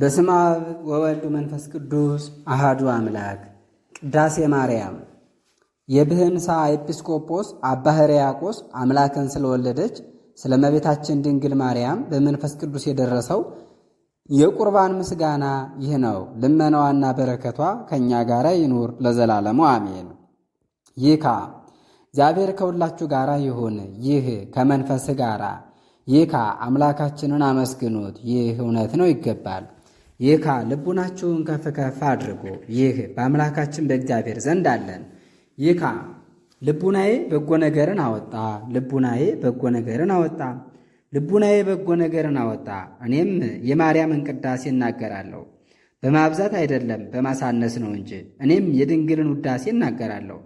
በስመ አብ ወወልድ መንፈስ ቅዱስ አሃዱ አምላክ። ቅዳሴ ማርያም የብህንሳ ኤጲስቆጶስ አባ ሕርያቆስ አምላክን ስለወለደች ስለ እመቤታችን ድንግል ማርያም በመንፈስ ቅዱስ የደረሰው የቁርባን ምስጋና ይህ ነው። ልመናዋና በረከቷ ከእኛ ጋር ይኑር ለዘላለሙ አሜን። ይካ እግዚአብሔር ከሁላችሁ ጋር ይሁን። ይህ ከመንፈስ ጋራ ይካ አምላካችንን አመስግኑት። ይህ እውነት ነው፣ ይገባል። ይካ ልቡናችሁን ከፍ ከፍ አድርጉ። ይህ በአምላካችን በእግዚአብሔር ዘንድ አለን። ይካ ልቡናዬ በጎ ነገርን አወጣ፣ ልቡናዬ በጎ ነገርን አወጣ፣ ልቡናዬ በጎ ነገርን አወጣ። እኔም የማርያምን ቅዳሴ እናገራለሁ፣ በማብዛት አይደለም በማሳነስ ነው እንጂ። እኔም የድንግልን ውዳሴ እናገራለሁ፣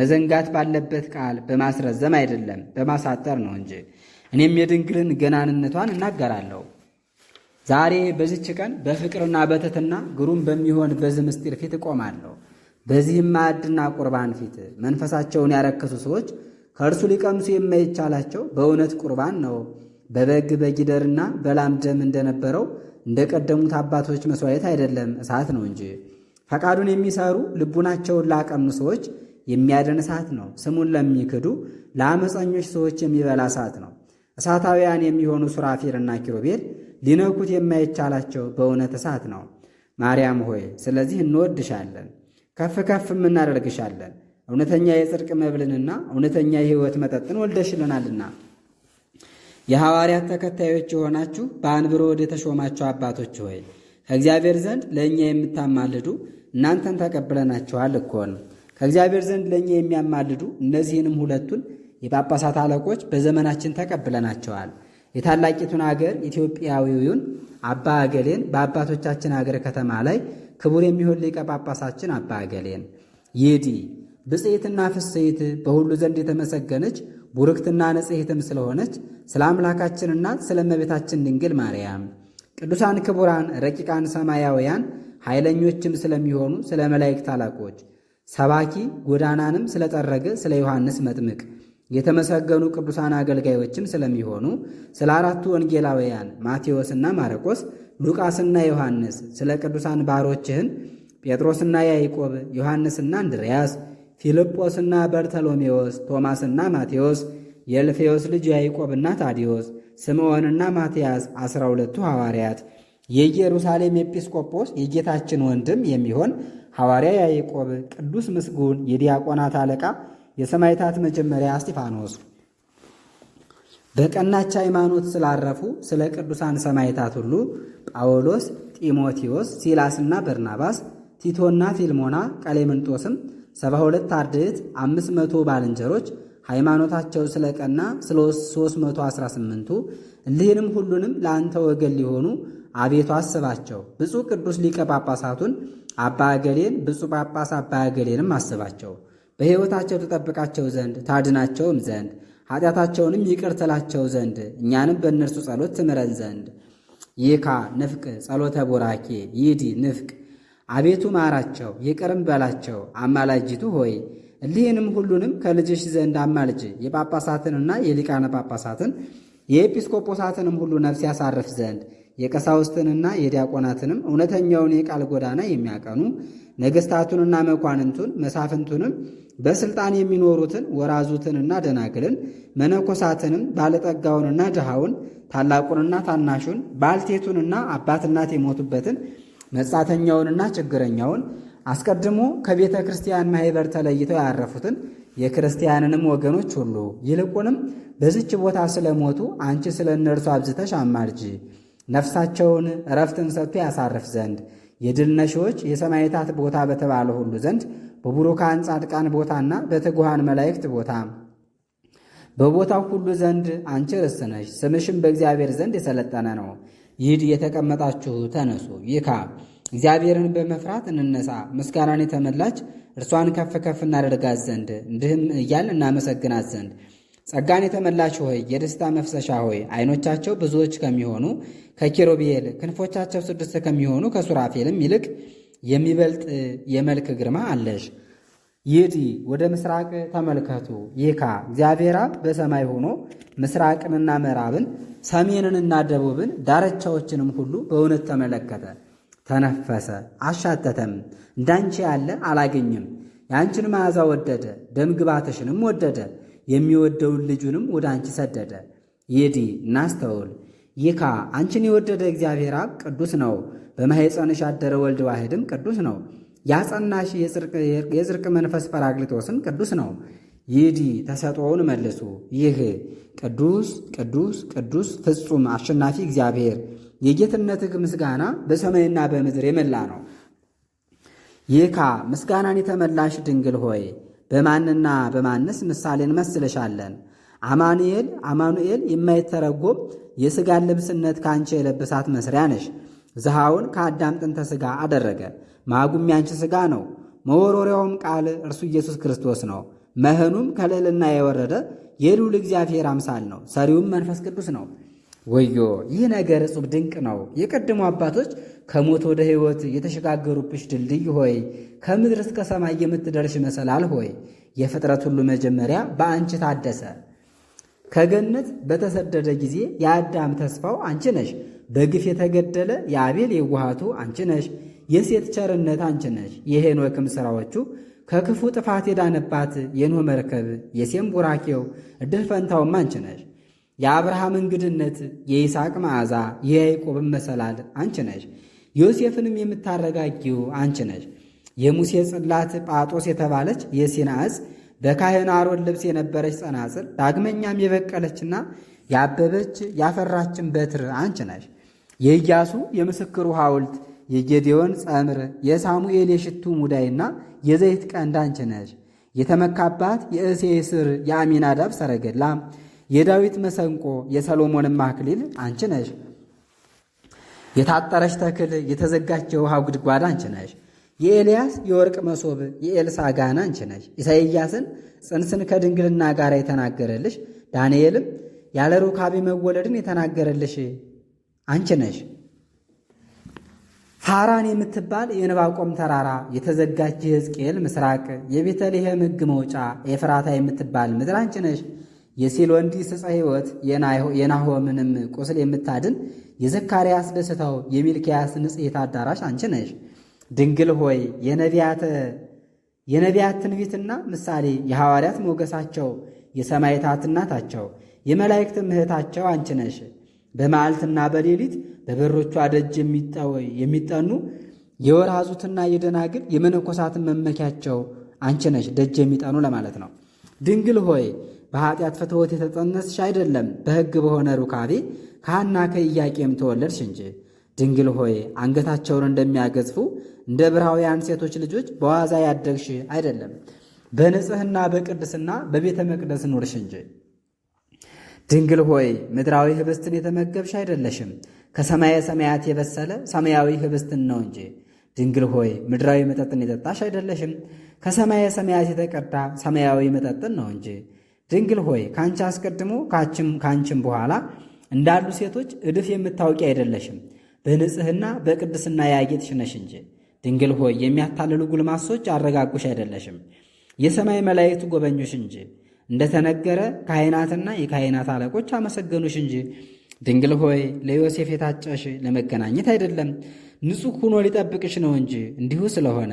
መዘንጋት ባለበት ቃል በማስረዘም አይደለም በማሳጠር ነው እንጂ። እኔም የድንግልን ገናንነቷን እናገራለሁ። ዛሬ በዚች ቀን በፍቅርና በትሕትና ግሩም በሚሆን በዚህ ምስጢር ፊት እቆማለሁ። በዚህም ማዕድና ቁርባን ፊት መንፈሳቸውን ያረከሱ ሰዎች ከእርሱ ሊቀምሱ የማይቻላቸው በእውነት ቁርባን ነው። በበግ በጊደርና በላም ደም እንደነበረው እንደ ቀደሙት አባቶች መሥዋዕት አይደለም፣ እሳት ነው እንጂ ፈቃዱን የሚሰሩ ልቡናቸውን ላቀኑ ሰዎች የሚያደን እሳት ነው። ስሙን ለሚክዱ ለአመፀኞች ሰዎች የሚበላ እሳት ነው። እሳታውያን የሚሆኑ ሱራፌልና ኪሩቤል ሊነኩት የማይቻላቸው በእውነት እሳት ነው። ማርያም ሆይ ስለዚህ እንወድሻለን፣ ከፍ ከፍም እናደርግሻለን። እውነተኛ የጽድቅ መብልንና እውነተኛ የሕይወት መጠጥን ወልደሽልናልና የሐዋርያት ተከታዮች የሆናችሁ በአንብሮ ወደ ተሾማችሁ አባቶች ሆይ ከእግዚአብሔር ዘንድ ለእኛ የምታማልዱ እናንተን ተቀብለናችኋል እኮን ከእግዚአብሔር ዘንድ ለእኛ የሚያማልዱ እነዚህንም ሁለቱን የጳጳሳት አለቆች በዘመናችን ተቀብለናቸዋል። የታላቂቱን አገር ኢትዮጵያዊውን አባ አገሌን በአባቶቻችን አገር ከተማ ላይ ክቡር የሚሆን ሊቀ ጳጳሳችን አባ አገሌን ይዲ ብፅዕትና ፍስሕት በሁሉ ዘንድ የተመሰገነች ቡርክትና ንጽሕትም ስለሆነች ስለ አምላካችንና ስለ እመቤታችን ድንግል ማርያም ቅዱሳን ክቡራን ረቂቃን ሰማያውያን ኃይለኞችም ስለሚሆኑ ስለ መላእክት አለቆች ሰባኪ ጎዳናንም ስለጠረገ ስለ ዮሐንስ መጥምቅ የተመሰገኑ ቅዱሳን አገልጋዮችም ስለሚሆኑ ስለ አራቱ ወንጌላውያን ማቴዎስና ማርቆስ፣ ሉቃስና ዮሐንስ፣ ስለ ቅዱሳን ባሮችህን ጴጥሮስና ያዕቆብ፣ ዮሐንስና አንድርያስ፣ ፊልጶስና በርተሎሜዎስ፣ ቶማስና ማቴዎስ፣ የልፌዎስ ልጅ ያዕቆብና ታዲዮስ፣ ስምዖንና ማትያስ ዐሥራ ሁለቱ ሐዋርያት፣ የኢየሩሳሌም ኤጲስቆጶስ የጌታችን ወንድም የሚሆን ሐዋርያ ያዕቆብ፣ ቅዱስ ምስጉን፣ የዲያቆናት አለቃ የሰማይታት መጀመሪያ እስጢፋኖስ በቀናች ሃይማኖት ስላረፉ ስለ ቅዱሳን ሰማይታት ሁሉ ጳውሎስ፣ ጢሞቴዎስ፣ ሲላስና በርናባስ፣ ቲቶና ፊልሞና፣ ቀሌምንጦስም ሰባ ሁለት አርድዕት አምስት መቶ ባልንጀሮች ሃይማኖታቸው ስለ ቀና ስለ 318 መቶ እሊህንም ሁሉንም ለአንተ ወገን ሊሆኑ አቤቱ አስባቸው። ብፁዕ ቅዱስ ሊቀ ጳጳሳቱን አባ አገሌን፣ ብፁዕ ጳጳስ አባ አስባቸው። በሕይወታቸው ትጠብቃቸው ዘንድ ታድናቸውም ዘንድ ኃጢአታቸውንም ይቅር ትላቸው ዘንድ እኛንም በእነርሱ ጸሎት ትምረን ዘንድ ይካ ንፍቅ ጸሎተ ቦራኬ ይዲ ንፍቅ አቤቱ ማራቸው ይቅርም በላቸው። አማላጅቱ ሆይ እሊህንም ሁሉንም ከልጅሽ ዘንድ አማልጅ የጳጳሳትንና የሊቃነ ጳጳሳትን የኤጲስቆጶሳትንም ሁሉ ነፍስ ያሳርፍ ዘንድ የቀሳውስትንና የዲያቆናትንም እውነተኛውን የቃል ጎዳና የሚያቀኑ ነገሥታቱንና መኳንንቱን መሳፍንቱንም በስልጣን የሚኖሩትን ወራዙትንና ደናግልን መነኮሳትንም ባለጠጋውንና ድሃውን ታላቁንና ታናሹን ባልቴቱንና አባት እናት የሞቱበትን መጻተኛውንና ችግረኛውን አስቀድሞ ከቤተ ክርስቲያን ማኅበር ተለይተው ያረፉትን የክርስቲያንንም ወገኖች ሁሉ ይልቁንም በዚች ቦታ ስለሞቱ አንቺ ስለ እነርሱ አብዝተሽ አማልጂ፣ ነፍሳቸውን እረፍትን ሰጥቶ ያሳርፍ ዘንድ የድል ነሺዎች የሰማዕታት ቦታ በተባለ ሁሉ ዘንድ በቡሩካን ጻድቃን ቦታና በትጉሃን መላእክት ቦታ በቦታው ሁሉ ዘንድ አንቺ ርስት ነሽ። ስምሽም በእግዚአብሔር ዘንድ የሰለጠነ ነው። ይድ የተቀመጣችሁ ተነሱ። ይካ እግዚአብሔርን በመፍራት እንነሳ። ምስጋናን የተመላች እርሷን ከፍ ከፍ እናደርጋት ዘንድ እንዲህም እያል እናመሰግናት ዘንድ ጸጋን የተመላሽ ሆይ የደስታ መፍሰሻ ሆይ ዓይኖቻቸው ብዙዎች ከሚሆኑ ከኪሩቤል ክንፎቻቸው ስድስት ከሚሆኑ ከሱራፌልም ይልቅ የሚበልጥ የመልክ ግርማ አለሽ። ይዲ ወደ ምስራቅ ተመልከቱ። ይካ እግዚአብሔር አብ በሰማይ ሆኖ ምስራቅንና ምዕራብን ሰሜንንና ደቡብን ዳርቻዎችንም ሁሉ በእውነት ተመለከተ፣ ተነፈሰ፣ አሻተተም። እንዳንቺ ያለ አላገኝም። የአንቺን መዓዛ ወደደ፣ ደምግባትሽንም ወደደ። የሚወደውን ልጁንም ወደ አንቺ ሰደደ። ይዲ እናስተውል። ይካ አንቺን የወደደ እግዚአብሔር አብ ቅዱስ ነው። በማኅፀንሽ ያደረ ወልድ ዋሕድም ቅዱስ ነው። ያጸናሽ የጽርቅ መንፈስ ጰራቅሊጦስም ቅዱስ ነው። ይዲ ተሰጥኦውን መልሱ። ይህ ቅዱስ ቅዱስ ቅዱስ ፍጹም አሸናፊ እግዚአብሔር የጌትነትህ ምስጋና በሰማይና በምድር የመላ ነው። ይካ ምስጋናን የተመላሽ ድንግል ሆይ በማንና በማንስ ምሳሌ እንመስልሻለን? አማኑኤል አማኑኤል የማይተረጎም የሥጋን ልብስነት ከአንቺ የለብሳት መስሪያ ነሽ። ዝሃውን ከአዳም ጥንተ ሥጋ አደረገ። ማጉም ያንቺ ሥጋ ነው። መወሮሪያውም ቃል እርሱ ኢየሱስ ክርስቶስ ነው። መህኑም ከልዕልና የወረደ የልዑል እግዚአብሔር አምሳል ነው። ሰሪውም መንፈስ ቅዱስ ነው። ወዮ ይህ ነገር እጹብ ድንቅ ነው። የቀድሞ አባቶች ከሞት ወደ ሕይወት የተሸጋገሩብሽ ድልድይ ሆይ፣ ከምድር እስከ ሰማይ የምትደርሽ መሰላል ሆይ፣ የፍጥረት ሁሉ መጀመሪያ በአንቺ ታደሰ። ከገነት በተሰደደ ጊዜ የአዳም ተስፋው አንቺ ነሽ። በግፍ የተገደለ የአቤል የዋሃቱ አንቺ ነሽ። የሴት ቸርነት አንቺ ነሽ። የሄኖክም ሥራዎቹ ከክፉ ጥፋት የዳነባት የኖ መርከብ፣ የሴም ቡራኬው እድል ፈንታውም አንቺ ነሽ። የአብርሃም እንግድነት፣ የይስሐቅ መዓዛ፣ የያዕቆብን መሰላል አንቺ ነሽ። ዮሴፍንም የምታረጋጊው አንቺ ነሽ። የሙሴ ጽላት ጳጦስ የተባለች የሲና ዕፅ በካህን አሮን ልብስ የነበረች ጸናጽል፣ ዳግመኛም የበቀለችና ያበበች ያፈራችን በትር አንቺ ነሽ። የኢያሱ የምስክሩ ሐውልት፣ የጌዴዎን ጸምር፣ የሳሙኤል የሽቱ ሙዳይና የዘይት ቀንድ አንቺ ነሽ። የተመካባት የእሴ ስር የአሚናዳብ ሰረገላ የዳዊት መሰንቆ የሰሎሞንም አክሊል አንቺ ነሽ። የታጠረች ተክል የተዘጋች የውሃ ጉድጓድ አንቺ ነሽ። የኤልያስ የወርቅ መሶብ የኤልሳ ጋና አንቺ ነሽ። ኢሳይያስን ጽንስን ከድንግልና ጋር የተናገረልሽ ዳንኤልም ያለ ሩካቤ መወለድን የተናገረልሽ አንቺ ነሽ። ፋራን የምትባል የንባቆም ተራራ የተዘጋች የሕዝቅኤል ምስራቅ የቤተልሔም ሕግ መውጫ ኤፍራታ የምትባል ምድር አንቺ ነሽ። የሴሎንዲስ ዕፀ ሕይወት የናሆምንም ቁስል የምታድን የዘካርያስ ደስታው የሚልኪያስ ንጽሕት አዳራሽ አንቺ ነሽ። ድንግል ሆይ የነቢያት ትንቢትና ምሳሌ የሐዋርያት ሞገሳቸው የሰማይታት እናታቸው የመላእክት እህታቸው አንቺ ነሽ። በመዓልትና በሌሊት በበሮቿ ደጅ የሚጠኑ የወራዙትና የደናግል የመነኮሳትን መመኪያቸው አንቺ ነሽ። ደጅ የሚጠኑ ለማለት ነው። ድንግል ሆይ በኃጢአት ፍትወት የተጸነስሽ አይደለም በሕግ በሆነ ሩካቤ ከሐና ከኢያቄም ተወለድሽ እንጂ። ድንግል ሆይ አንገታቸውን እንደሚያገዝፉ እንደ ብርሃውያን ሴቶች ልጆች በዋዛ ያደግሽ አይደለም፣ በንጽህና በቅድስና በቤተ መቅደስ ኑርሽ እንጂ። ድንግል ሆይ ምድራዊ ህብስትን የተመገብሽ አይደለሽም፣ ከሰማየ ሰማያት የበሰለ ሰማያዊ ህብስትን ነው እንጂ። ድንግል ሆይ ምድራዊ መጠጥን የጠጣሽ አይደለሽም፣ ከሰማየ ሰማያት የተቀዳ ሰማያዊ መጠጥን ነው እንጂ። ድንግል ሆይ ከአንቺ አስቀድሞ ከአንቺም በኋላ እንዳሉ ሴቶች እድፍ የምታውቂ አይደለሽም፣ በንጽህና በቅድስና ያጌጥሽ ነሽ እንጂ። ድንግል ሆይ የሚያታልሉ ጉልማሶች አረጋጉሽ አይደለሽም፣ የሰማይ መላይቱ ጎበኙሽ እንጂ። እንደተነገረ ካህናትና የካህናት አለቆች አመሰገኑሽ እንጂ። ድንግል ሆይ ለዮሴፍ የታጨሽ ለመገናኘት አይደለም ንጹሕ ሆኖ ሊጠብቅሽ ነው እንጂ እንዲሁ ስለሆነ።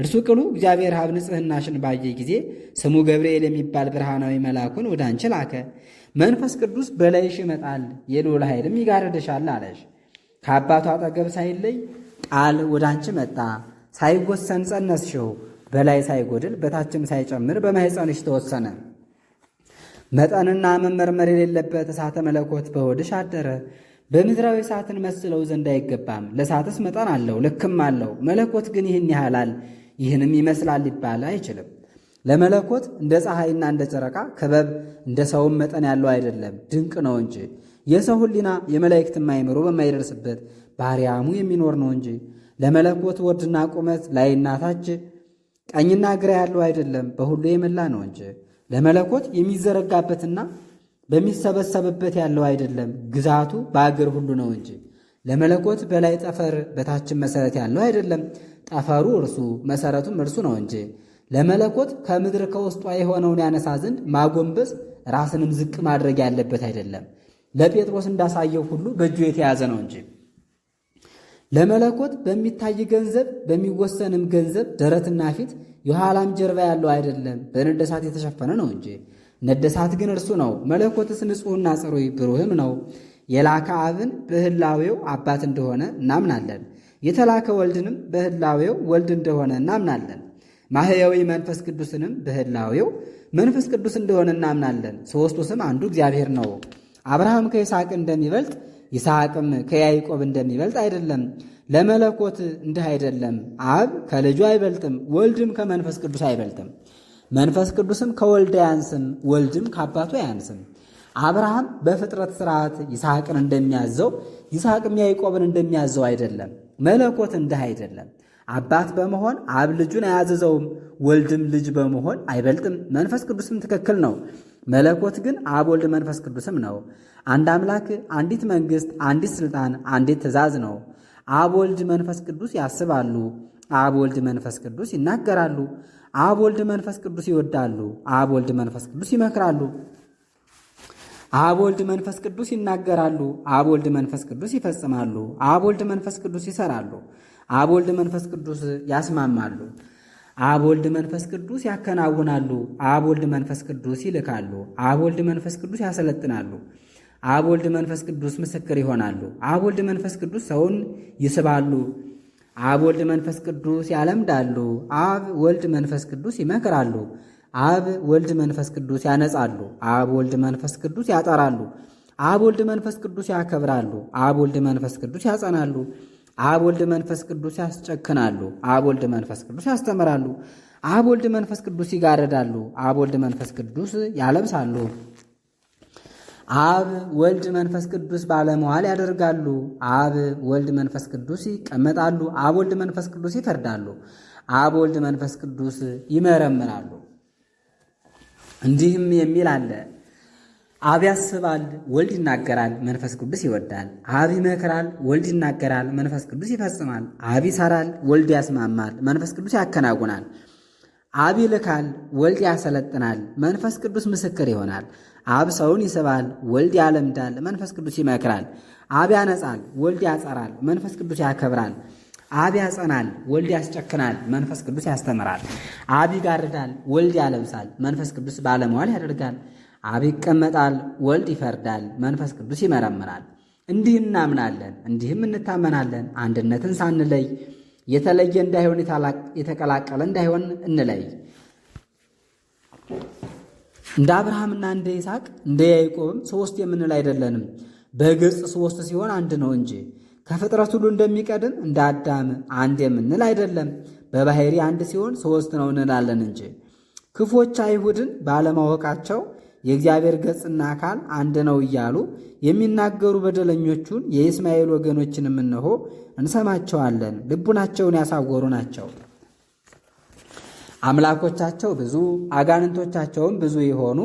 እርሱ ቅሉ እግዚአብሔር ሀብ ንጽሕናሽን ባየ ጊዜ ስሙ ገብርኤል የሚባል ብርሃናዊ መልአኩን ወደ አንቺ ላከ። መንፈስ ቅዱስ በላይሽ ይመጣል፣ የልዑል ኃይልም ይጋርድሻል አለሽ። ከአባቱ አጠገብ ሳይለይ ቃል ወደ አንቺ መጣ። ሳይጎሰን ጸነስሽው፣ በላይ ሳይጎድል በታችም ሳይጨምር በማኅፀንሽ ተወሰነ። መጠንና መመርመር የሌለበት እሳተ መለኮት በሆድሽ አደረ። በምድራዊ ሰዓትን መስለው ዘንድ አይገባም። ለሰዓትስ መጠን አለው፣ ልክም አለው። መለኮት ግን ይህን ያህላል ይህንም ይመስላል ሊባል አይችልም። ለመለኮት እንደ ፀሐይና እንደ ጨረቃ ክበብ እንደ ሰውም መጠን ያለው አይደለም፣ ድንቅ ነው እንጂ የሰው ሕሊና የመላእክት የማይምሮ በማይደርስበት ባህርያሙ የሚኖር ነው እንጂ ለመለኮት ወርድና ቁመት ላይና ታች ቀኝና ግራ ያለው አይደለም፣ በሁሉ የመላ ነው እንጂ ለመለኮት የሚዘረጋበትና በሚሰበሰብበት ያለው አይደለም፣ ግዛቱ በአገር ሁሉ ነው እንጂ። ለመለኮት በላይ ጠፈር በታችን መሰረት ያለው አይደለም፣ ጠፈሩ እርሱ መሰረቱም እርሱ ነው እንጂ። ለመለኮት ከምድር ከውስጧ የሆነውን ያነሳ ዘንድ ማጎንበስ ራስንም ዝቅ ማድረግ ያለበት አይደለም፣ ለጴጥሮስ እንዳሳየው ሁሉ በእጁ የተያዘ ነው እንጂ። ለመለኮት በሚታይ ገንዘብ በሚወሰንም ገንዘብ ደረትና ፊት የኋላም ጀርባ ያለው አይደለም፣ በነደሳት የተሸፈነ ነው እንጂ ነደሳት ግን እርሱ ነው። መለኮትስ ንጹሕና ጽሩይ ብሩህም ነው። የላከ አብን በህላዌው አባት እንደሆነ እናምናለን። የተላከ ወልድንም በህላዌው ወልድ እንደሆነ እናምናለን። ማህያዊ መንፈስ ቅዱስንም በህላዌው መንፈስ ቅዱስ እንደሆነ እናምናለን። ሦስቱ ስም አንዱ እግዚአብሔር ነው። አብርሃም ከይስሐቅ እንደሚበልጥ ይስሐቅም ከያይቆብ እንደሚበልጥ አይደለም። ለመለኮት እንዲህ አይደለም። አብ ከልጁ አይበልጥም፣ ወልድም ከመንፈስ ቅዱስ አይበልጥም። መንፈስ ቅዱስም ከወልድ አያንስም፣ ወልድም ከአባቱ አያንስም። አብርሃም በፍጥረት ስርዓት ይስሐቅን እንደሚያዘው ይስሐቅም ያዕቆብን እንደሚያዘው አይደለም። መለኮት እንዲህ አይደለም። አባት በመሆን አብ ልጁን አያዘዘውም፣ ወልድም ልጅ በመሆን አይበልጥም። መንፈስ ቅዱስም ትክክል ነው። መለኮት ግን አብ፣ ወልድ፣ መንፈስ ቅዱስም ነው። አንድ አምላክ፣ አንዲት መንግሥት፣ አንዲት ሥልጣን፣ አንዲት ትእዛዝ ነው። አብ፣ ወልድ፣ መንፈስ ቅዱስ ያስባሉ። አብ፣ ወልድ፣ መንፈስ ቅዱስ ይናገራሉ። አብ ወልድ መንፈስ ቅዱስ ይወዳሉ። አብ ወልድ መንፈስ ቅዱስ ይመክራሉ። አብ ወልድ መንፈስ ቅዱስ ይናገራሉ። አብ ወልድ መንፈስ ቅዱስ ይፈጽማሉ። አብ ወልድ መንፈስ ቅዱስ ይሰራሉ። አብ ወልድ መንፈስ ቅዱስ ያስማማሉ። አብ ወልድ መንፈስ ቅዱስ ያከናውናሉ። አብ ወልድ መንፈስ ቅዱስ ይልካሉ። አብ ወልድ መንፈስ ቅዱስ ያሰለጥናሉ። አብ ወልድ መንፈስ ቅዱስ ምስክር ይሆናሉ። አብ ወልድ መንፈስ ቅዱስ ሰውን ይስባሉ። አብ ወልድ መንፈስ ቅዱስ ያለምዳሉ። አብ ወልድ መንፈስ ቅዱስ ይመክራሉ። አብ ወልድ መንፈስ ቅዱስ ያነጻሉ። አብ ወልድ መንፈስ ቅዱስ ያጠራሉ። አብ ወልድ መንፈስ ቅዱስ ያከብራሉ። አብ ወልድ መንፈስ ቅዱስ ያጸናሉ። አብ ወልድ መንፈስ ቅዱስ ያስጨክናሉ። አብ ወልድ መንፈስ ቅዱስ ያስተምራሉ። አብ ወልድ መንፈስ ቅዱስ ይጋረዳሉ። አብ ወልድ መንፈስ ቅዱስ ያለብሳሉ። አብ ወልድ መንፈስ ቅዱስ ባለመዋል ያደርጋሉ። አብ ወልድ መንፈስ ቅዱስ ይቀመጣሉ። አብ ወልድ መንፈስ ቅዱስ ይፈርዳሉ። አብ ወልድ መንፈስ ቅዱስ ይመረምራሉ። እንዲህም የሚል አለ። አብ ያስባል፣ ወልድ ይናገራል፣ መንፈስ ቅዱስ ይወዳል። አብ ይመክራል፣ ወልድ ይናገራል፣ መንፈስ ቅዱስ ይፈጽማል። አብ ይሰራል፣ ወልድ ያስማማል፣ መንፈስ ቅዱስ ያከናውናል። አብ ይልካል፣ ወልድ ያሰለጥናል፣ መንፈስ ቅዱስ ምስክር ይሆናል። አብ ሰውን ይስባል፣ ወልድ ያለምዳል፣ መንፈስ ቅዱስ ይመክራል። አብ ያነጻል፣ ወልድ ያጸራል፣ መንፈስ ቅዱስ ያከብራል። አብ ያጸናል፣ ወልድ ያስጨክናል፣ መንፈስ ቅዱስ ያስተምራል። አብ ይጋርዳል፣ ወልድ ያለብሳል፣ መንፈስ ቅዱስ ባለመዋል ያደርጋል። አብ ይቀመጣል፣ ወልድ ይፈርዳል፣ መንፈስ ቅዱስ ይመረምራል። እንዲህ እናምናለን፣ እንዲህም እንታመናለን። አንድነትን ሳንለይ የተለየ እንዳይሆን የተቀላቀለ እንዳይሆን እንለይ። እንደ አብርሃምና እንደ ይስሐቅ እንደ ያዕቆብም ሶስት የምንል አይደለንም። በግልጽ ሶስት ሲሆን አንድ ነው እንጂ ከፍጥረት ሁሉ እንደሚቀድም እንደ አዳም አንድ የምንል አይደለም። በባሕሪ አንድ ሲሆን ሶስት ነው እንላለን እንጂ ክፎች አይሁድን ባለማወቃቸው የእግዚአብሔር ገጽና አካል አንድ ነው እያሉ የሚናገሩ በደለኞቹን የእስማኤል ወገኖችንም እነሆ እንሰማቸዋለን። ልቡናቸውን ያሳወሩ ናቸው። አምላኮቻቸው ብዙ አጋንንቶቻቸውም ብዙ የሆኑ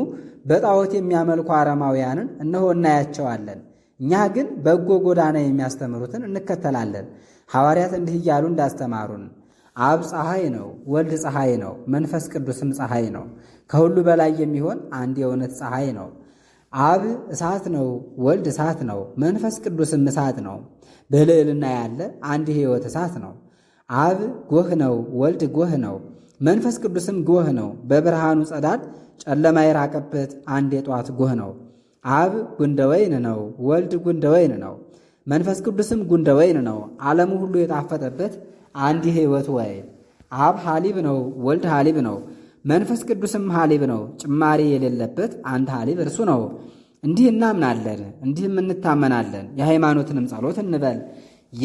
በጣዖት የሚያመልኩ አረማውያንን እነሆ እናያቸዋለን። እኛ ግን በጎ ጎዳና የሚያስተምሩትን እንከተላለን። ሐዋርያት እንዲህ እያሉ እንዳስተማሩን አብ ፀሐይ ነው፣ ወልድ ፀሐይ ነው፣ መንፈስ ቅዱስም ፀሐይ ነው። ከሁሉ በላይ የሚሆን አንድ የእውነት ፀሐይ ነው። አብ እሳት ነው፣ ወልድ እሳት ነው፣ መንፈስ ቅዱስም እሳት ነው። በልዕልና ያለ አንድ የሕይወት እሳት ነው። አብ ጎህ ነው፣ ወልድ ጎህ ነው፣ መንፈስ ቅዱስም ጎህ ነው። በብርሃኑ ጸዳል ጨለማ የራቀበት አንድ የጧት ጎህ ነው። አብ ጉንደወይን ነው። ወልድ ጉንደወይን ነው። መንፈስ ቅዱስም ጉንደወይን ነው። ዓለሙ ሁሉ የጣፈጠበት አንድ የሕይወት ወይን። አብ ሐሊብ ነው። ወልድ ሐሊብ ነው። መንፈስ ቅዱስም ሐሊብ ነው። ጭማሪ የሌለበት አንድ ሐሊብ እርሱ ነው። እንዲህ እናምናለን፣ እንዲህም እንታመናለን። የሃይማኖትንም ጸሎት እንበል።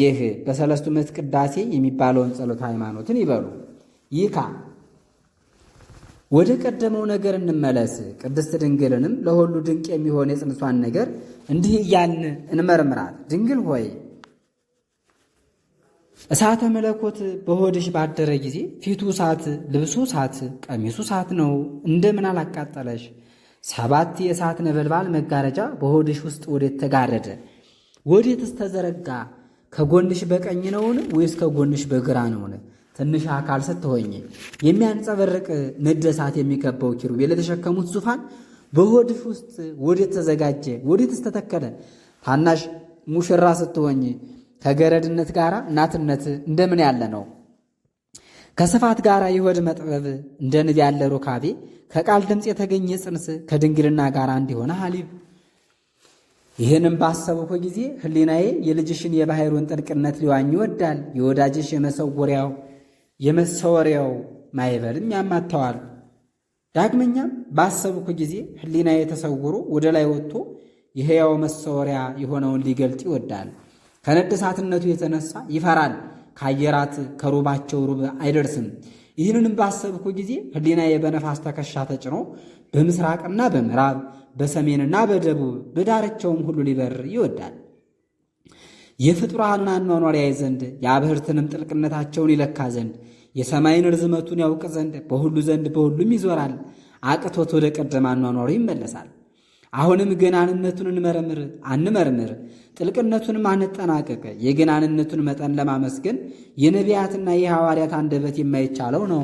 ይህ በሰለስቱ ምዕት ቅዳሴ የሚባለውን ጸሎት ሃይማኖትን ይበሉ። ይካ ወደ ቀደመው ነገር እንመለስ። ቅድስት ድንግልንም ለሁሉ ድንቅ የሚሆን የጽንሷን ነገር እንዲህ እያልን እንመርምራት። ድንግል ሆይ እሳተ መለኮት በሆድሽ ባደረ ጊዜ ፊቱ እሳት፣ ልብሱ እሳት፣ ቀሚሱ እሳት ነው፤ እንደምን አላቃጠለሽ? ሰባት የእሳት ነበልባል መጋረጃ በሆድሽ ውስጥ ወዴት ተጋረደ? ወዴትስ ተዘረጋ? ከጎንሽ በቀኝ ነውን? ወይስ ከጎንሽ በግራ ነውን? ትንሽ አካል ስትሆኝ የሚያንጸበርቅ ነደ የሚከበው ኪሩቤል የተሸከሙት ዙፋን በሆድሽ ውስጥ ወዴት ተዘጋጀ፣ ወዴት ተተከለ? ታናሽ ሙሽራ ስትሆኝ ከገረድነት ጋር እናትነት እንደምን ያለ ነው? ከስፋት ጋር የሆድ መጥበብ እንደ ንብ ያለ ሩካቤ፣ ከቃል ድምፅ የተገኘ ጽንስ ከድንግልና ጋር እንዲሆነ ሐሊብ ይህንም ባሰብኩ ጊዜ ህሊናዬ የልጅሽን የባህሩን ጥልቅነት ሊዋኝ ይወዳል የወዳጅሽ የመሰወሪያው የመሰወሪያው ማይበልም ያማተዋል። ዳግመኛም ባሰብኩ ጊዜ ህሊና የተሰውሮ ወደ ላይ ወጥቶ የሕያው መሰወሪያ የሆነውን ሊገልጥ ይወዳል። ከነድሳትነቱ የተነሳ ይፈራል። ከአየራት ከሩባቸው ሩብ አይደርስም። ይህንንም ባሰብኩ ጊዜ ህሊናዬ በነፋስ ትከሻ ተጭኖ በምስራቅና በምዕራብ በሰሜንና በደቡብ በዳርቻውም ሁሉ ሊበር ይወዳል። የፍጡራን አኗኗር ያይ ዘንድ የአብህርትንም ጥልቅነታቸውን ይለካ ዘንድ የሰማይን ርዝመቱን ያውቅ ዘንድ በሁሉ ዘንድ በሁሉም ይዞራል። አቅቶት ወደ ቀደመ አኗኗሩ ይመለሳል። አሁንም ገናንነቱን እንመርምር አንመርምር፣ ጥልቅነቱንም አንጠናቀቅ። የገናንነቱን መጠን ለማመስገን የነቢያትና የሐዋርያት አንደበት የማይቻለው ነው።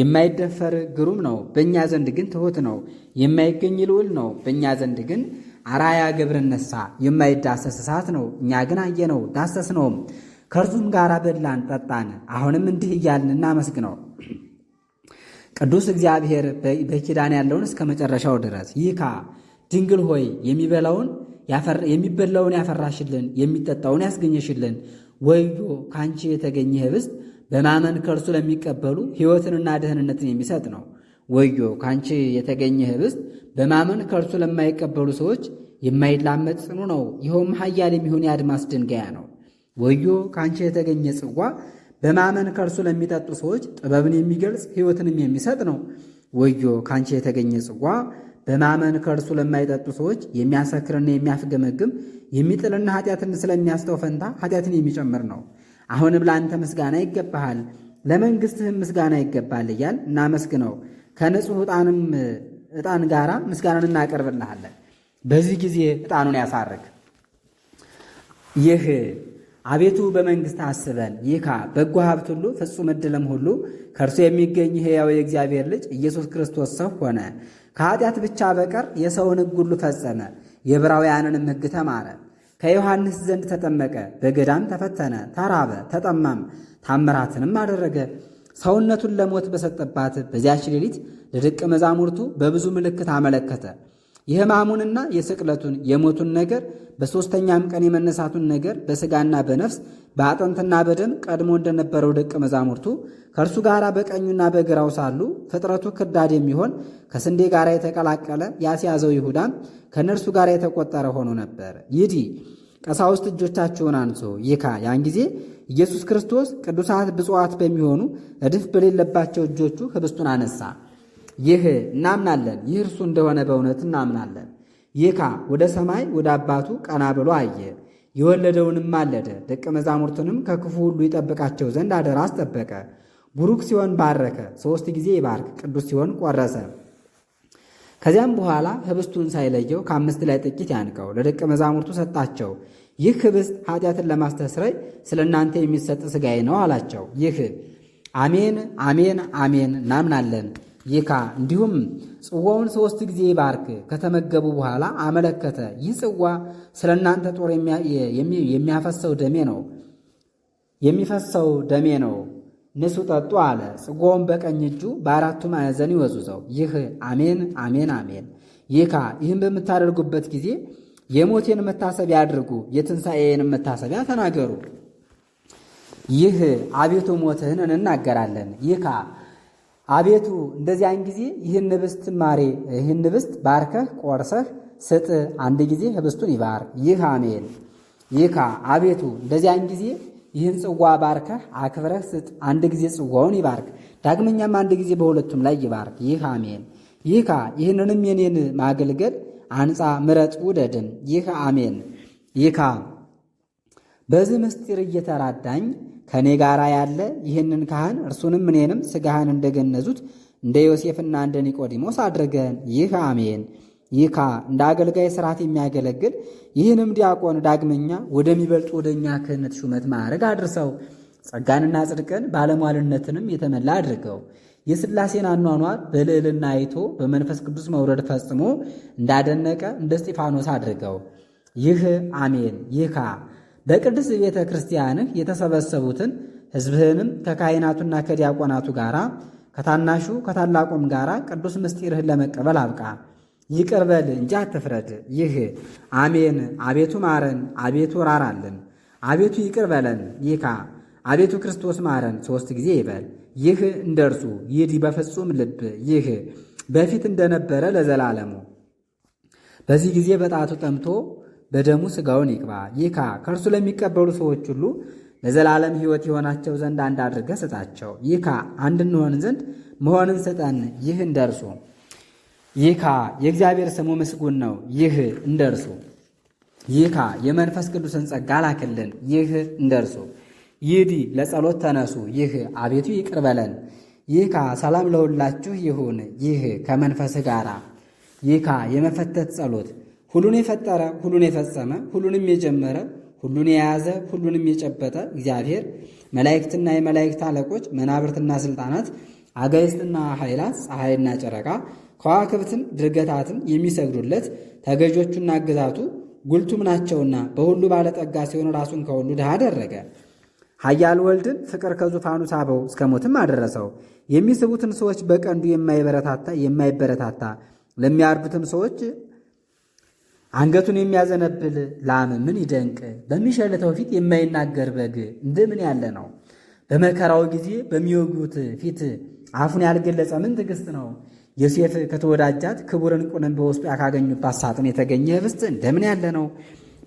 የማይደፈር ግሩም ነው፣ በእኛ ዘንድ ግን ትሑት ነው። የማይገኝ ልዑል ነው፣ በእኛ ዘንድ ግን አራያ ግብርነሳ የማይዳሰስ እሳት ነው። እኛ ግን አየነው ዳሰስነውም፣ ከእርሱም ጋር በላን ጠጣን። አሁንም እንዲህ እያልን እናመስግነው። ቅዱስ እግዚአብሔር በኪዳን ያለውን እስከ መጨረሻው ድረስ ይካ ድንግል ሆይ የሚበላውን የሚበላውን ያፈራሽልን የሚጠጣውን ያስገኘሽልን፣ ወዮ ከአንቺ የተገኘ ህብስት በማመን ከእርሱ ለሚቀበሉ ሕይወትንና ደህንነትን የሚሰጥ ነው። ወዮ ከአንቺ የተገኘ ህብስት በማመን ከእርሱ ለማይቀበሉ ሰዎች የማይላመጥ ጽኑ ነው። ይኸውም ኃያል የሚሆን የአድማስ ድንጋያ ነው። ወዮ ከአንቺ የተገኘ ጽዋ በማመን ከእርሱ ለሚጠጡ ሰዎች ጥበብን የሚገልጽ ሕይወትንም የሚሰጥ ነው። ወዮ ከአንቺ የተገኘ ጽዋ በማመን ከእርሱ ለማይጠጡ ሰዎች የሚያሰክርና የሚያፍገመግም የሚጥልና ኃጢአትን ስለሚያስተው ፈንታ ኃጢአትን የሚጨምር ነው። አሁንም ለአንተ ምስጋና ይገባሃል፣ ለመንግሥትህም ምስጋና ይገባል እያል እናመስግነው ከንጹሕ ዕጣንም ዕጣን ጋራ ምስጋናን እናቀርብልሃለን። በዚህ ጊዜ ዕጣኑን ያሳርግ። ይህ አቤቱ በመንግሥት አስበን ይካ በጎ ሀብት ሁሉ ፍጹም ዕድልም ሁሉ ከእርሱ የሚገኝ ሕያው የእግዚአብሔር ልጅ ኢየሱስ ክርስቶስ ሰው ሆነ። ከኃጢአት ብቻ በቀር የሰውን ሕግ ሁሉ ፈጸመ። የዕብራውያንንም ሕግ ተማረ። ከዮሐንስ ዘንድ ተጠመቀ፣ በገዳም ተፈተነ፣ ተራበ፣ ተጠማም፣ ታምራትንም አደረገ። ሰውነቱን ለሞት በሰጠባት በዚያች ሌሊት ለደቀ መዛሙርቱ በብዙ ምልክት አመለከተ። የሕማሙንና የስቅለቱን የሞቱን ነገር በሦስተኛም ቀን የመነሳቱን ነገር በሥጋና በነፍስ በአጥንትና በደም ቀድሞ እንደነበረው ደቀ መዛሙርቱ ከእርሱ ጋር በቀኙና በግራው ሳሉ ፍጥረቱ ክዳድ የሚሆን ከስንዴ ጋር የተቀላቀለ ያስያዘው ይሁዳም ከእነርሱ ጋር የተቆጠረ ሆኖ ነበር። ይዲ ቀሳውስት እጆቻችሁን አንሶ ይካ ያን ጊዜ ኢየሱስ ክርስቶስ ቅዱሳት ብፁዓት በሚሆኑ እድፍ በሌለባቸው እጆቹ ህብስቱን አነሳ። ይህ እናምናለን፣ ይህ እርሱ እንደሆነ በእውነት እናምናለን። ይካ ወደ ሰማይ ወደ አባቱ ቀና ብሎ አየ። የወለደውንም አለደ። ደቀ መዛሙርትንም ከክፉ ሁሉ ይጠብቃቸው ዘንድ አደራ አስጠበቀ። ቡሩክ ሲሆን ባረከ፣ ሦስት ጊዜ ይባርክ፣ ቅዱስ ሲሆን ቆረሰ። ከዚያም በኋላ ህብስቱን ሳይለየው ከአምስት ላይ ጥቂት ያንቀው ለደቀ መዛሙርቱ ሰጣቸው። ይህ ህብስት ኃጢአትን ለማስተስረይ ስለ እናንተ የሚሰጥ ሥጋዬ ነው አላቸው። ይህ አሜን አሜን አሜን እናምናለን። ይካ እንዲሁም ጽዋውን ሦስት ጊዜ ባርክ ከተመገቡ በኋላ አመለከተ። ይህ ጽዋ ስለ እናንተ ጦር የሚያፈሰው ደሜ ነው የሚፈሰው ደሜ ነው። ንሱ ጠጡ አለ። ጽዋውን በቀኝ እጁ በአራቱ ማዕዘን ይወዙዘው። ይህ አሜን አሜን አሜን። ይካ ይህም በምታደርጉበት ጊዜ የሞቴን መታሰቢያ አድርጉ፣ የትንሣኤን መታሰቢያ ተናገሩ። ይህ አቤቱ ሞትህን እንናገራለን። ይካ አቤቱ እንደዚያን ጊዜ ይህን ንብስት ማሬ ይህን ንብስት ባርከህ ቆርሰህ ስጥ። አንድ ጊዜ ህብስቱን ይባር። ይህ አሜል ይካ አቤቱ እንደዚያን ጊዜ ይህን ጽዋ ባርከህ አክብረህ ስጥ። አንድ ጊዜ ጽዋውን ይባርክ፣ ዳግመኛም አንድ ጊዜ በሁለቱም ላይ ይባርክ። ይህ አሜል ይህ ይህንንም የኔን ማገልገል አንጻ ምረጥ ውደድም ይህ አሜን ይካ በዚህ ምስጢር እየተራዳኝ ከእኔ ጋር ያለ ይህንን ካህን እርሱንም እኔንም ስጋህን እንደገነዙት እንደ ዮሴፍና እንደ ኒቆዲሞስ አድርገን ይህ አሜን ይካ እንደ አገልጋይ ስርዓት የሚያገለግል ይህንም ዲያቆን ዳግመኛ ወደሚበልጡ ወደኛ ክህነት ሹመት ማዕረግ አድርሰው ጸጋንና ጽድቅን ባለሟልነትንም የተመላ አድርገው የስላሴን አኗኗር በልዕልና አይቶ በመንፈስ ቅዱስ መውረድ ፈጽሞ እንዳደነቀ እንደ እስጢፋኖስ አድርገው። ይህ አሜን ይካ በቅድስ ቤተ ክርስቲያንህ የተሰበሰቡትን ሕዝብህንም ከካህናቱና ከዲያቆናቱ ጋር ከታናሹ ከታላቁም ጋር ቅዱስ ምስጢርህን ለመቀበል አብቃ። ይቅርበል እንጂ አትፍረድ። ይህ አሜን አቤቱ ማረን፣ አቤቱ ራራልን፣ አቤቱ ይቅርበለን ይካ አቤቱ ክርስቶስ ማረን ሦስት ጊዜ ይበል። ይህ እንደ እርሱ ይህ በፍጹም ልብ ይህ በፊት እንደነበረ ለዘላለሙ። በዚህ ጊዜ በጣቱ ጠምቶ በደሙ ሥጋውን ይቅባ። ይካ ከእርሱ ለሚቀበሉ ሰዎች ሁሉ ለዘላለም ሕይወት የሆናቸው ዘንድ አንድ አድርገህ ስጣቸው። ይካ አንድ እንሆን ዘንድ መሆንን ስጠን። ይህ እንደ እርሱ ይካ የእግዚአብሔር ስሙ ምስጉን ነው። ይህ እንደ እርሱ ይካ የመንፈስ ቅዱስን ጸጋ ላክልን። ይህ እንደ እርሱ ይዲ ለጸሎት ተነሱ፣ ይህ አቤቱ ይቅር በለን። ይካ ሰላም ለሁላችሁ ይሁን፣ ይህ ከመንፈስ ጋራ። ይካ የመፈተት ጸሎት ሁሉን የፈጠረ ሁሉን የፈጸመ ሁሉንም የጀመረ ሁሉን የያዘ ሁሉንም የጨበጠ እግዚአብሔር መላእክትና የመላእክት አለቆች መናብርትና ስልጣናት አጋይስትና ኃይላት ፀሐይና ጨረቃ ከዋክብትም ድርገታትም የሚሰግዱለት ተገዦቹና ግዛቱ ጉልቱም ናቸውና በሁሉ ባለጠጋ ሲሆን ራሱን ከሁሉ ድሃ አደረገ። ኃያል ወልድን ፍቅር ከዙፋኑ ሳበው እስከ ሞትም አደረሰው። የሚስቡትን ሰዎች በቀንዱ የማይበረታታ የማይበረታታ ለሚያርዱትም ሰዎች አንገቱን የሚያዘነብል ላም ምን ይደንቅ! በሚሸልተው ፊት የማይናገር በግ እንደምን ያለ ነው! በመከራው ጊዜ በሚወጉት ፊት አፉን ያልገለጸ ምን ትግስት ነው! ዮሴፍ ከተወዳጃት ክቡር ዕንቁንም በውስጡ ያካገኙባት ሳጥን የተገኘ ኅብስት እንደምን ያለ ነው!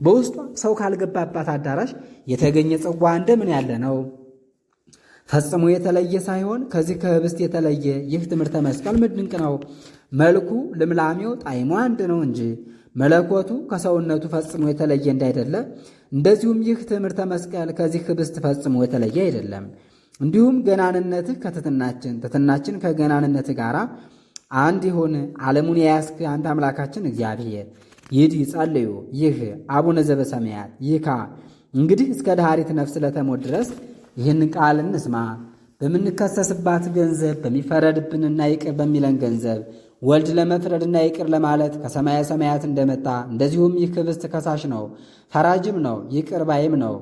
በውስጡ ሰው ካልገባባት አዳራሽ የተገኘ ጽዋ እንደምን ያለ ነው። ፈጽሞ የተለየ ሳይሆን ከዚህ ከህብስት የተለየ ይህ ትምህርተ መስቀል ምድንቅ ነው። መልኩ፣ ልምላሜው፣ ጣዕሙ አንድ ነው እንጂ መለኮቱ ከሰውነቱ ፈጽሞ የተለየ እንዳይደለ እንደዚሁም ይህ ትምህርተ መስቀል ከዚህ ህብስት ፈጽሞ የተለየ አይደለም። እንዲሁም ገናንነትህ ከትትናችን ትትናችን ከገናንነትህ ጋር አንድ ይሁን። ዓለሙን የያዝክ አንድ አምላካችን እግዚአብሔር ይድ ይጻለዩ ይህ አቡነ ዘበሰማያት ይካ እንግዲህ እስከ ዳሪት ነፍስ ለተሞት ድረስ ይህን ቃል እንስማ። በምንከሰስባት ገንዘብ በሚፈረድብንና ይቅር በሚለን ገንዘብ ወልድ ለመፍረድና ይቅር ለማለት ከሰማየ ሰማያት እንደመጣ እንደዚሁም ይህ ክብስት ከሳሽ ነው፣ ፈራጅም ነው፣ ይቅር ባይም ነው።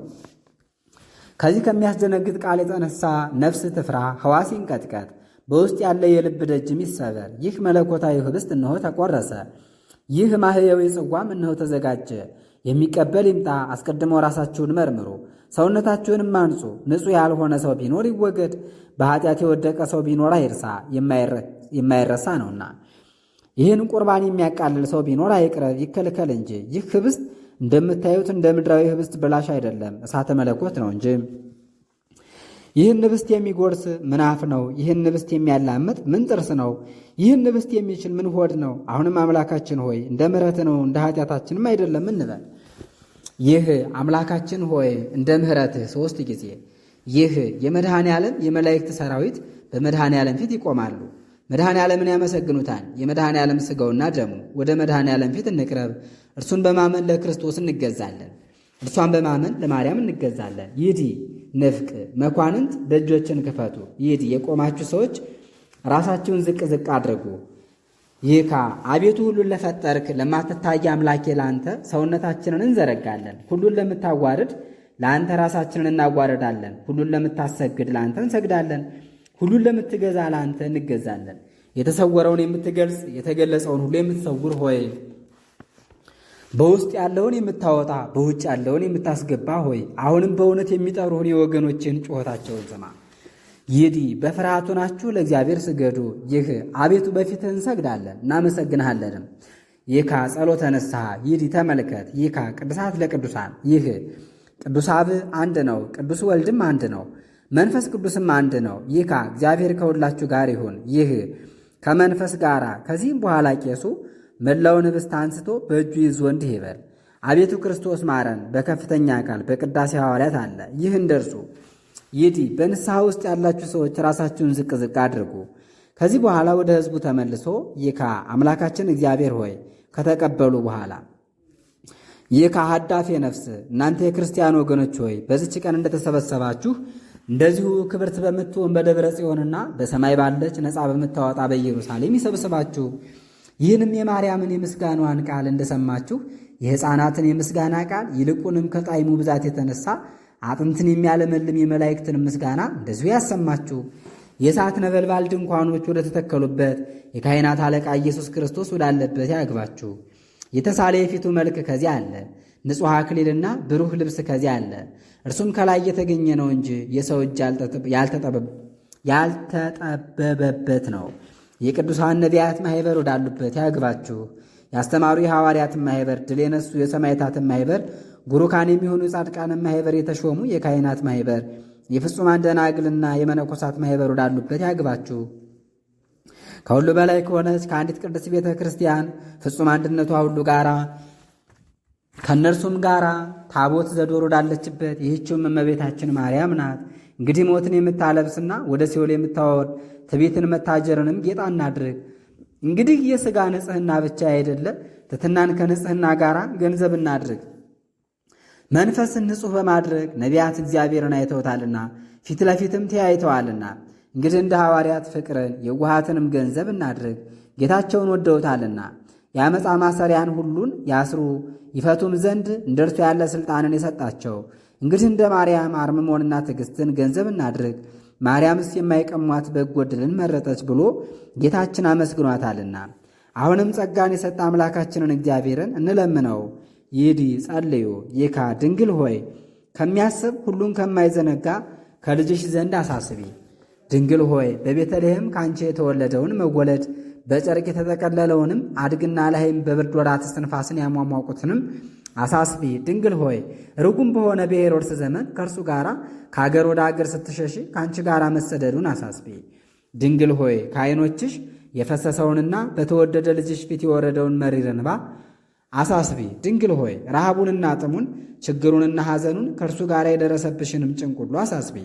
ከዚህ ከሚያስደነግጥ ቃል የተነሳ ነፍስ ትፍራ፣ ሕዋስ ይንቀጥቀጥ፣ በውስጥ ያለ የልብ ደጅም ይሰበር። ይህ መለኮታዊ ህብስት እነሆ ተቆረሰ። ይህ ማህያዊ ጽዋም እነሆ ተዘጋጀ። የሚቀበል ይምጣ፣ አስቀድመው ራሳችሁን መርምሩ፣ ሰውነታችሁንም አንጹ። ንጹሕ ያልሆነ ሰው ቢኖር ይወገድ፣ በኃጢአት የወደቀ ሰው ቢኖር አይርሳ፣ የማይረሳ ነውና። ይህን ቁርባን የሚያቃልል ሰው ቢኖር አይቅረብ፣ ይከልከል እንጂ። ይህ ህብስት እንደምታዩት እንደ ምድራዊ ህብስት ብላሽ አይደለም፣ እሳተ መለኮት ነው እንጂ ይህን ንብስት የሚጎርስ ምን አፍ ነው? ይህን ንብስት የሚያላምጥ ምን ጥርስ ነው? ይህን ንብስት የሚችል ምን ሆድ ነው? አሁንም አምላካችን ሆይ እንደ ምሕረት ነው እንደ ኃጢአታችንም አይደለም እንበል። ይህ አምላካችን ሆይ እንደ ምሕረትህ ሦስት ጊዜ ይህ የመድኃኔ ዓለም የመላእክት ሰራዊት በመድኃኔ ዓለም ፊት ይቆማሉ። መድኃኔ ዓለምን ያመሰግኑታል። የመድኃኔ ዓለም ሥጋውና ደሙ ወደ መድኃኔ ዓለም ፊት እንቅረብ። እርሱን በማመን ለክርስቶስ እንገዛለን። እርሷን በማመን ለማርያም እንገዛለን። ይህዲ ንፍቅ መኳንንት ደጆችን ክፈቱ፣ ይድ የቆማችሁ ሰዎች ራሳችሁን ዝቅ ዝቅ አድርጉ። ይካ አቤቱ ሁሉን ለፈጠርክ ለማትታይ አምላኬ ለአንተ ሰውነታችንን እንዘረጋለን። ሁሉን ለምታዋርድ ለአንተ ራሳችንን እናዋርዳለን። ሁሉን ለምታሰግድ ለአንተ እንሰግዳለን። ሁሉን ለምትገዛ ለአንተ እንገዛለን። የተሰወረውን የምትገልጽ የተገለጸውን ሁሉ የምትሰውር ሆይ በውስጥ ያለውን የምታወጣ በውጭ ያለውን የምታስገባ ሆይ አሁንም በእውነት የሚጠሩህን የወገኖችን ጩኸታቸውን ስማ። ይዲ በፍርሃቱ ናችሁ ለእግዚአብሔር ስገዱ። ይህ አቤቱ በፊትህ እንሰግዳለን እናመሰግንሃለንም። ይካ ጸሎተ ንስሐ ይዲ ተመልከት። ይካ ቅዱሳት ለቅዱሳን ይህ ቅዱስ አብ አንድ ነው፣ ቅዱስ ወልድም አንድ ነው፣ መንፈስ ቅዱስም አንድ ነው። ይካ እግዚአብሔር ከሁላችሁ ጋር ይሁን። ይህ ከመንፈስ ጋር ከዚህም በኋላ ቄሱ መላውን ኅብስት አንስቶ በእጁ ይዞ እንዲህ ይበል፣ አቤቱ ክርስቶስ ማረን። በከፍተኛ ቃል በቅዳሴ ሐዋርያት አለ። ይህ እንደርሱ ይዲ በንስሐ ውስጥ ያላችሁ ሰዎች ራሳችሁን ዝቅ ዝቅ አድርጉ። ከዚህ በኋላ ወደ ሕዝቡ ተመልሶ ይካ አምላካችን እግዚአብሔር ሆይ ከተቀበሉ በኋላ ይካ ሀዳፌ ነፍስ እናንተ የክርስቲያን ወገኖች ሆይ በዚች ቀን እንደተሰበሰባችሁ እንደዚሁ ክብርት በምትሆን በደብረ ጽዮንና በሰማይ ባለች ነፃ በምታወጣ በኢየሩሳሌም ይሰብስባችሁ። ይህንም የማርያምን የምስጋናዋን ቃል እንደሰማችሁ የሕፃናትን የምስጋና ቃል ይልቁንም ከጣዕሙ ብዛት የተነሳ አጥንትን የሚያለመልም የመላእክትን ምስጋና እንደዚሁ ያሰማችሁ። የእሳት ነበልባል ድንኳኖች ወደ ተተከሉበት የካህናት አለቃ ኢየሱስ ክርስቶስ ወዳለበት ያግባችሁ። የተሳለ የፊቱ መልክ ከዚያ አለ፣ ንጹሕ አክሊልና ብሩህ ልብስ ከዚያ አለ። እርሱም ከላይ የተገኘ ነው እንጂ የሰው እጅ ያልተጠበበበት ነው። የቅዱሳን ነቢያት ማኅበር ወዳሉበት ያግባችሁ። ያስተማሩ የሐዋርያት ማኅበር ድል የነሱ የሰማዕታትን ማኅበር ጉሩካን የሚሆኑ የጻድቃንን ማኅበር የተሾሙ የካህናት ማኅበር የፍጹማን ደናግልና የመነኮሳት ማኅበር ወዳሉበት ያግባችሁ። ከሁሉ በላይ ከሆነች ከአንዲት ቅድስት ቤተ ክርስቲያን ፍጹም አንድነቷ ሁሉ ጋራ ከእነርሱም ጋራ ታቦት ዘዶር ወዳለችበት ይህችውም እመቤታችን ማርያም ናት። እንግዲህ ሞትን የምታለብስና ወደ ሲኦል የምታወርድ ትቤትን መታጀርንም ጌጣ እናድርግ። እንግዲህ የሥጋ ንጽሕና ብቻ አይደለ፣ ትትናን ከንጽሕና ጋር ገንዘብ እናድርግ። መንፈስን ንጹሕ በማድረግ ነቢያት እግዚአብሔርን አይተውታልና ፊት ለፊትም ተያይተዋልና፣ እንግዲህ እንደ ሐዋርያት ፍቅርን የውሃትንም ገንዘብ እናድርግ። ጌታቸውን ወደውታልና የአመፃ ማሰሪያን ሁሉን ያስሩ ይፈቱም ዘንድ እንደ እርሱ ያለ ሥልጣንን የሰጣቸው። እንግዲህ እንደ ማርያም አርምሞንና ትዕግሥትን ገንዘብ እናድርግ። ማርያምስ የማይቀሟት በጎ ድልን መረጠች ብሎ ጌታችን አመስግኗታልና አሁንም ጸጋን የሰጠ አምላካችንን እግዚአብሔርን እንለምነው። ይዲ ጸልዩ ይካ ድንግል ሆይ ከሚያስብ ሁሉን ከማይዘነጋ ከልጅሽ ዘንድ አሳስቢ። ድንግል ሆይ በቤተልሔም ከአንቺ የተወለደውን መወለድ በጨርቅ የተጠቀለለውንም አድግና ላይም በብርድ ወራት እስትንፋስን ያሟሟቁትንም አሳስቢ ድንግል ሆይ ርጉም በሆነ በሄሮድስ ዘመን ከእርሱ ጋር ከአገር ወደ አገር ስትሸሺ ከአንቺ ጋር መሰደዱን አሳስቢ። ድንግል ሆይ ከዓይኖችሽ የፈሰሰውንና በተወደደ ልጅሽ ፊት የወረደውን መሪር እንባ አሳስቢ። ድንግል ሆይ ረሃቡንና ጥሙን ችግሩንና ሐዘኑን ከእርሱ ጋር የደረሰብሽንም ጭንቅ ሁሉ አሳስቢ።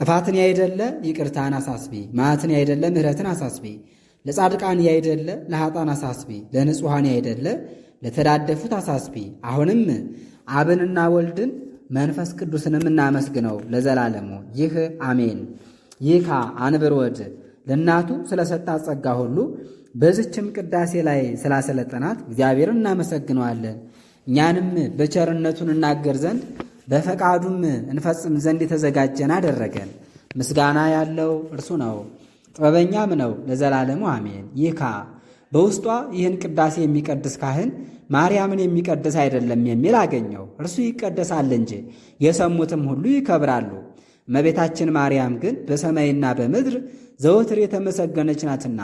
ጥፋትን ያይደለ ይቅርታን አሳስቢ። መዓትን ያይደለ ምሕረትን አሳስቢ። ለጻድቃን ያይደለ ለኃጣን አሳስቢ። ለንጹሐን ያይደለ ለተዳደፉት አሳስቢ። አሁንም አብንና ወልድን መንፈስ ቅዱስንም እናመስግነው ለዘላለሙ። ይህ አሜን። ይካ አንብሮድ ለእናቱ ስለሰጣት ጸጋ ሁሉ በዚችም ቅዳሴ ላይ ስላሰለጠናት እግዚአብሔርን እናመሰግነዋለን። እኛንም በቸርነቱን እናገር ዘንድ በፈቃዱም እንፈጽም ዘንድ የተዘጋጀን አደረገን። ምስጋና ያለው እርሱ ነው፣ ጥበበኛም ነው ለዘላለሙ አሜን። ይካ በውስጧ ይህን ቅዳሴ የሚቀድስ ካህን ማርያምን የሚቀድስ አይደለም የሚል አገኘው። እርሱ ይቀደሳል እንጂ የሰሙትም ሁሉ ይከብራሉ። እመቤታችን ማርያም ግን በሰማይና በምድር ዘወትር የተመሰገነች ናትና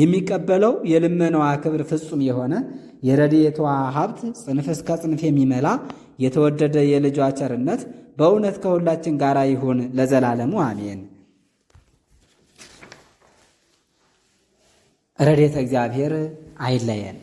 የሚቀበለው የልመናዋ ክብር ፍጹም የሆነ የረድኤቷ ሀብት ጽንፍ እስከ ጽንፍ የሚመላ የተወደደ የልጇ ቸርነት በእውነት ከሁላችን ጋር ይሁን ለዘላለሙ አሜን። ረድኤተ እግዚአብሔር አይለየን።